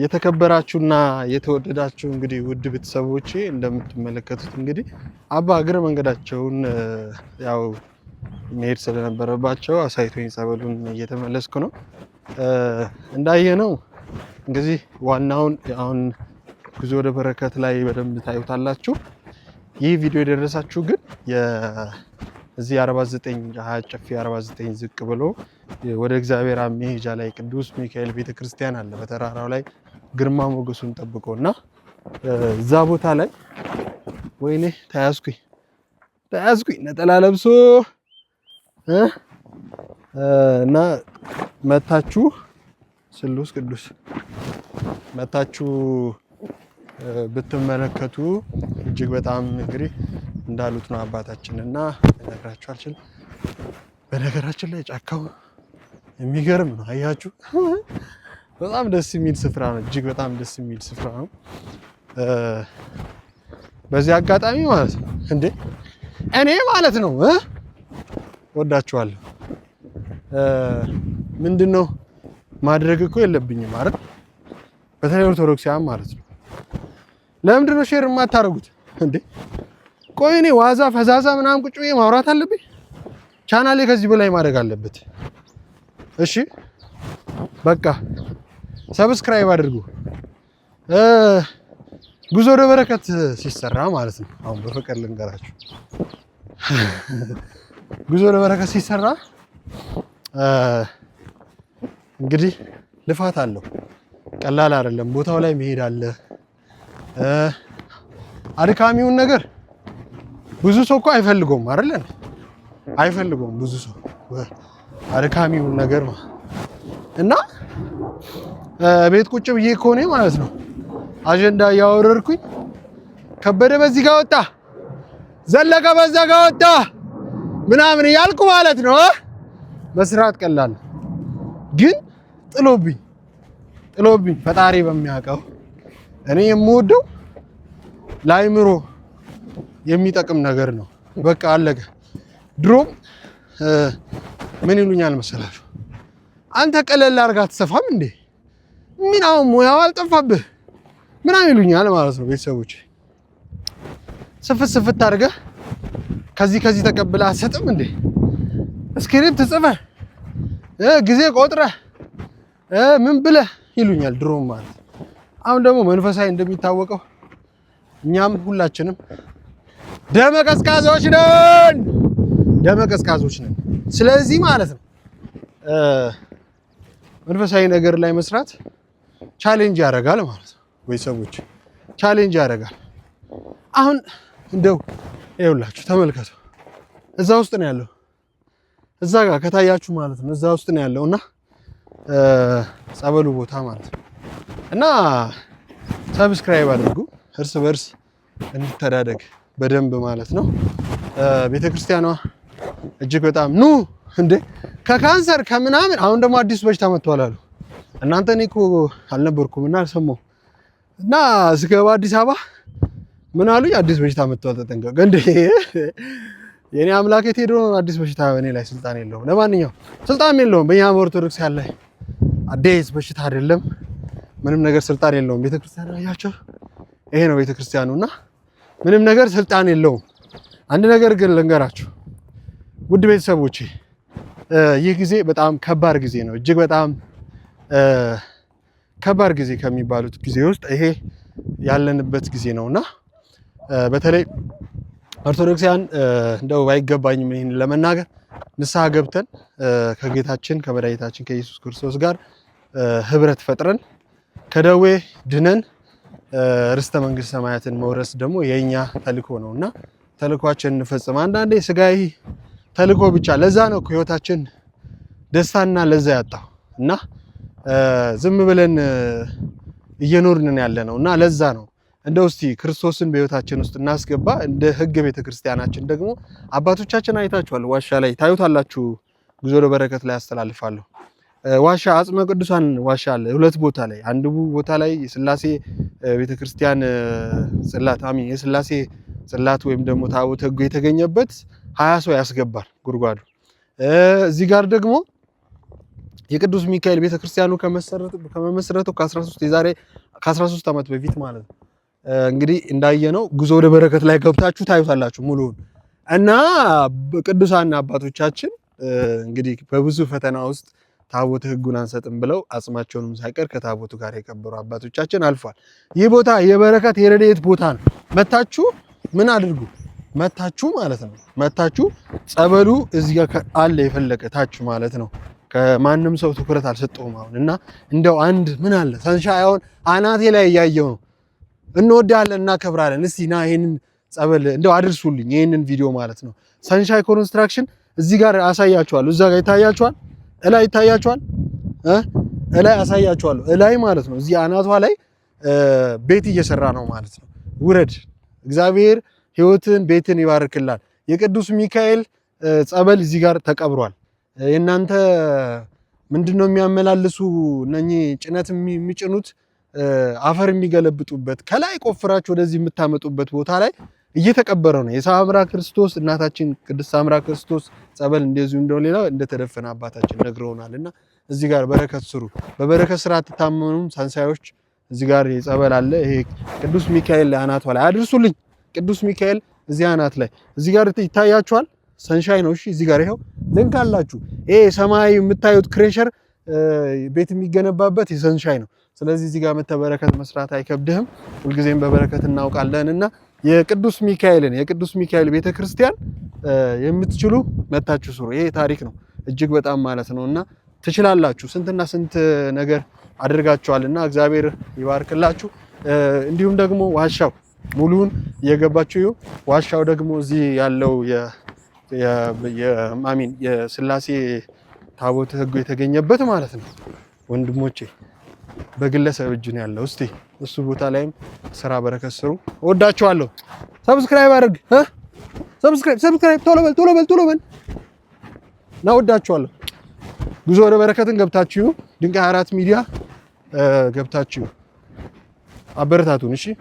የተከበራችሁና የተወደዳችሁ እንግዲህ ውድ ቤተሰቦች እንደምትመለከቱት እንግዲህ አባ እግረ መንገዳቸውን ያው መሄድ ስለነበረባቸው አሳይቶኝ ጸበሉን እየተመለስኩ ነው። እንዳየ ነው እንግዲህ ዋናውን አሁን ጉዞ ወደ በረከት ላይ በደንብ ታዩታላችሁ። ይህ ቪዲዮ የደረሳችሁ ግን እዚህ 49 ጨፌ 49 ዝቅ ብሎ ወደ እግዚአብሔር መሄጃ ላይ ቅዱስ ሚካኤል ቤተክርስቲያን አለ በተራራው ላይ ግርማ ሞገሱን ጠብቆ እና እዛ ቦታ ላይ ወይኔ ተያዝኩኝ ተያዝኩኝ ነጠላ ለብሶ እና መታችሁ ስሉስ ቅዱስ መታችሁ ብትመለከቱ እጅግ በጣም እንግዲህ እንዳሉት ነው አባታችን እና እነግራችሁ አልችልም። በነገራችን ላይ ጫካው የሚገርም ነው። አያችሁ በጣም ደስ የሚል ስፍራ ነው። እጅግ በጣም ደስ የሚል ስፍራ ነው። በዚህ አጋጣሚ ማለት ነው እንዴ እኔ ማለት ነው ወዳችኋለሁ። ምንድን ነው ማድረግ እኮ የለብኝም ማለት በተለይ ኦርቶዶክሲያን ማለት ነው። ለምንድን ነው ሼር የማታደርጉት እንዴ? ቆይ እኔ ዋዛ ፈዛዛ ምናምን ቁጭ ብዬ ማውራት አለብኝ? ቻናሌ ከዚህ በላይ ማድረግ አለበት። እሺ በቃ ሰብስክራይብ አድርጉ። ጉዞ ወደ በረከት ሲሰራ ማለት ነው። አሁን በፍቅር ልንገራችሁ፣ ጉዞ ወደ በረከት ሲሰራ እንግዲህ ልፋት አለው፣ ቀላል አይደለም። ቦታው ላይ መሄድ አለ። አድካሚውን ነገር ብዙ ሰው እኮ አይፈልገውም አይደል? አይፈልገውም ብዙ ሰው አድካሚውን ነገር እና ቤት ቁጭ ብዬ ከሆነ ማለት ነው አጀንዳ እያወረርኩኝ ከበደ በዚህ ጋር ወጣ፣ ዘለቀ በዛ ጋር ወጣ ምናምን እያልኩ ማለት ነው መስራት ቀላል ግን ጥሎብኝ ጥሎብኝ ፈጣሪ በሚያውቀው እኔ የምወደው ለአይምሮ የሚጠቅም ነገር ነው። በቃ አለቀ። ድሮም ምን ይሉኛል መሰላችሁ? አንተ ቀለል አድርጋ አትሰፋም እንዴ ሚናው ሙያው አልጠፋብህ ምናምን ይሉኛል ማለት ነው ቤተሰቦች። ስፍት ስፍት አድርገህ ከዚህ ከዚህ ተቀብለህ አትሰጥም እንዴ? ስክሪፕት ጽፈህ ጊዜ ቆጥረህ ምን ብለህ ይሉኛል ድሮም ማለት አሁን ደግሞ መንፈሳዊ እንደሚታወቀው እኛም ሁላችንም ደመ ቀዝቃዞች ነን፣ ደመ ነን። ስለዚህ ማለት ነው መንፈሳዊ ነገር ላይ መስራት ቻሌንጅ ያደርጋል ማለት ነው። ቤተሰቦች ቻሌንጅ ያደርጋል። አሁን እንደው ይኸውላችሁ ተመልከቱ፣ እዛ ውስጥ ነው ያለው፣ እዛ ጋር ከታያችሁ ማለት ነው እዛ ውስጥ ነው ያለው እና ጸበሉ ቦታ ማለት ነው እና ሰብስክራይብ አድርጉ፣ እርስ በእርስ እንተዳደግ በደንብ ማለት ነው። ቤተክርስቲያኗ እጅግ በጣም ኑ እንዴ ከካንሰር ከምናምን አሁን ደግሞ አዲሱ በሽታ መጥቷል አሉ እናንተ እኔ እኮ አልነበርኩም እና አልሰማሁም እና ስገባ አዲስ አበባ ምን አሉኝ? አዲስ በሽታ መጥቷል ተጠንቀቅ። እንደ የኔ አምላክ ሄዶ አዲስ በሽታ በእኔ ላይ ስልጣን የለውም። ለማንኛውም ስልጣን የለውም በእኛ ኦርቶዶክስ ያለ አዲስ በሽታ አይደለም፣ ምንም ነገር ስልጣን የለውም። ቤተክርስቲያን ያቸው ይሄ ነው ቤተክርስቲያኑ እና ምንም ነገር ስልጣን የለውም። አንድ ነገር ግን ልንገራችሁ ውድ ቤተሰቦቼ ይህ ጊዜ በጣም ከባድ ጊዜ ነው። እጅግ በጣም ከባድ ጊዜ ከሚባሉት ጊዜ ውስጥ ይሄ ያለንበት ጊዜ ነውና በተለይ ኦርቶዶክሳውያን እንደው ባይገባኝም ይህን ለመናገር ንስሐ ገብተን ከጌታችን ከመድኃኒታችን ከኢየሱስ ክርስቶስ ጋር ህብረት ፈጥረን ከደዌ ድነን ርስተ መንግስት ሰማያትን መውረስ ደግሞ የእኛ ተልኮ ነው እና ተልኳችን እንፈጽም። አንዳንዴ ስጋዊ ተልኮ ብቻ ለዛ ነው ህይወታችን ደስታና ለዛ ያጣው እና ዝም ብለን እየኖርን ያለ ነው እና ለዛ ነው እንደው እስቲ ክርስቶስን በህይወታችን ውስጥ እናስገባ። እንደ ህግ ቤተክርስቲያናችን ደግሞ አባቶቻችን አይታችኋል። ዋሻ ላይ ታዩታላችሁ። ጉዞ ለበረከት ላይ አስተላልፋለሁ። ዋሻ አጽመ ቅዱሳን ዋሻ አለ ሁለት ቦታ ላይ አንድ ቦታ ላይ የስላሴ ቤተክርስቲያን ጽላት አሚ የስላሴ ጽላት ወይም ደግሞ ታቦት ህጉ የተገኘበት ሀያ ሰው ያስገባል ጉድጓዱ። እዚህ ጋር ደግሞ የቅዱስ ሚካኤል ቤተክርስቲያኑ ከመመስረቱ 13 የዛሬ ከ13 ዓመት በፊት ማለት ነው። እንግዲህ እንዳየነው ጉዞ ወደ በረከት ላይ ገብታችሁ ታዩታላችሁ ሙሉውን እና ቅዱሳን አባቶቻችን እንግዲህ በብዙ ፈተና ውስጥ ታቦት ሕጉን አንሰጥም ብለው አጽማቸውንም ሳይቀር ከታቦቱ ጋር የቀበሩ አባቶቻችን አልፏል። ይህ ቦታ የበረከት የረድኤት ቦታ ነው። መታችሁ ምን አድርጉ መታችሁ ማለት ነው። መታችሁ ጸበሉ እዚህ አለ የፈለቀ ታችሁ ማለት ነው። ከማንም ሰው ትኩረት አልሰጠውም። አሁን እና እንደው አንድ ምን አለ ሰንሻይ አሁን አናቴ ላይ እያየው ነው። እንወዳለን፣ እናከብራለን። እስቲ ና ይሄንን ጸበል እንደው አድርሱልኝ፣ ይሄንን ቪዲዮ ማለት ነው። ሰንሻይ ኮንስትራክሽን እዚህ ጋር አሳያችኋለሁ፣ እዛ ጋር ይታያችኋል፣ እላይ ይታያችኋል፣ እላይ አሳያችኋለሁ፣ እላይ ማለት ነው። እዚህ አናቷ ላይ ቤት እየሰራ ነው ማለት ነው። ውረድ፣ እግዚአብሔር ህይወትን ቤትን ይባርክላል። የቅዱስ ሚካኤል ጸበል እዚህ ጋር ተቀብሯል። የእናንተ ምንድነው የሚያመላልሱ እነኚህ ጭነት የሚጭኑት አፈር የሚገለብጡበት ከላይ ቆፍራችሁ ወደዚህ የምታመጡበት ቦታ ላይ እየተቀበረ ነው። የሳምራ ክርስቶስ እናታችን ቅድስት ሳምራ ክርስቶስ ጸበል እንደዚሁ እንደሆነ ሌላ እንደተደፈነ አባታችን ነግረውናል እና እዚህ ጋር በረከት ስሩ። በበረከት ስራ አትታመኑም። ሳንሳዮች እዚህ ጋር ጸበል አለ። ይሄ ቅዱስ ሚካኤል አናቷ ላይ አድርሱልኝ። ቅዱስ ሚካኤል እዚህ አናት ላይ እዚህ ጋር ይታያችኋል። ሰንሻይ ነው። እሺ እዚህ ጋር ይኸው ሊንክ አላችሁ። ይሄ ሰማይ የምታዩት ክሬሸር ቤት የሚገነባበት የሰንሻይ ነው። ስለዚህ እዚህ ጋር መተበረከት መስራት አይከብድህም። ሁልጊዜም በበረከት እናውቃለን እና የቅዱስ ሚካኤልን የቅዱስ ሚካኤል ቤተክርስቲያን የምትችሉ መታችሁ ስሩ። ይሄ ታሪክ ነው እጅግ በጣም ማለት ነው እና ትችላላችሁ። ስንትና ስንት ነገር አድርጋችኋል እና እግዚአብሔር ይባርክላችሁ። እንዲሁም ደግሞ ዋሻው ሙሉውን እየገባችሁ ዋሻው ደግሞ እዚህ ያለው አሚን የስላሴ ታቦተ ሕጉ የተገኘበት ማለት ነው። ወንድሞቼ በግለሰብ እጅ ነው ያለው። እስቲ እሱ ቦታ ላይም ስራ በረከት ስሩ። ወዳችኋለሁ። ሰብስክራይብ አድርግ። ሰብስክራይብ ሰብስክራይብ፣ ቶሎ በል ቶሎ በል ቶሎ በል እና ወዳችኋለሁ። ጉዞ ወደ በረከትን ገብታችሁ ድንጋይ አራት ሚዲያ ገብታችሁ አበረታቱን። እሺ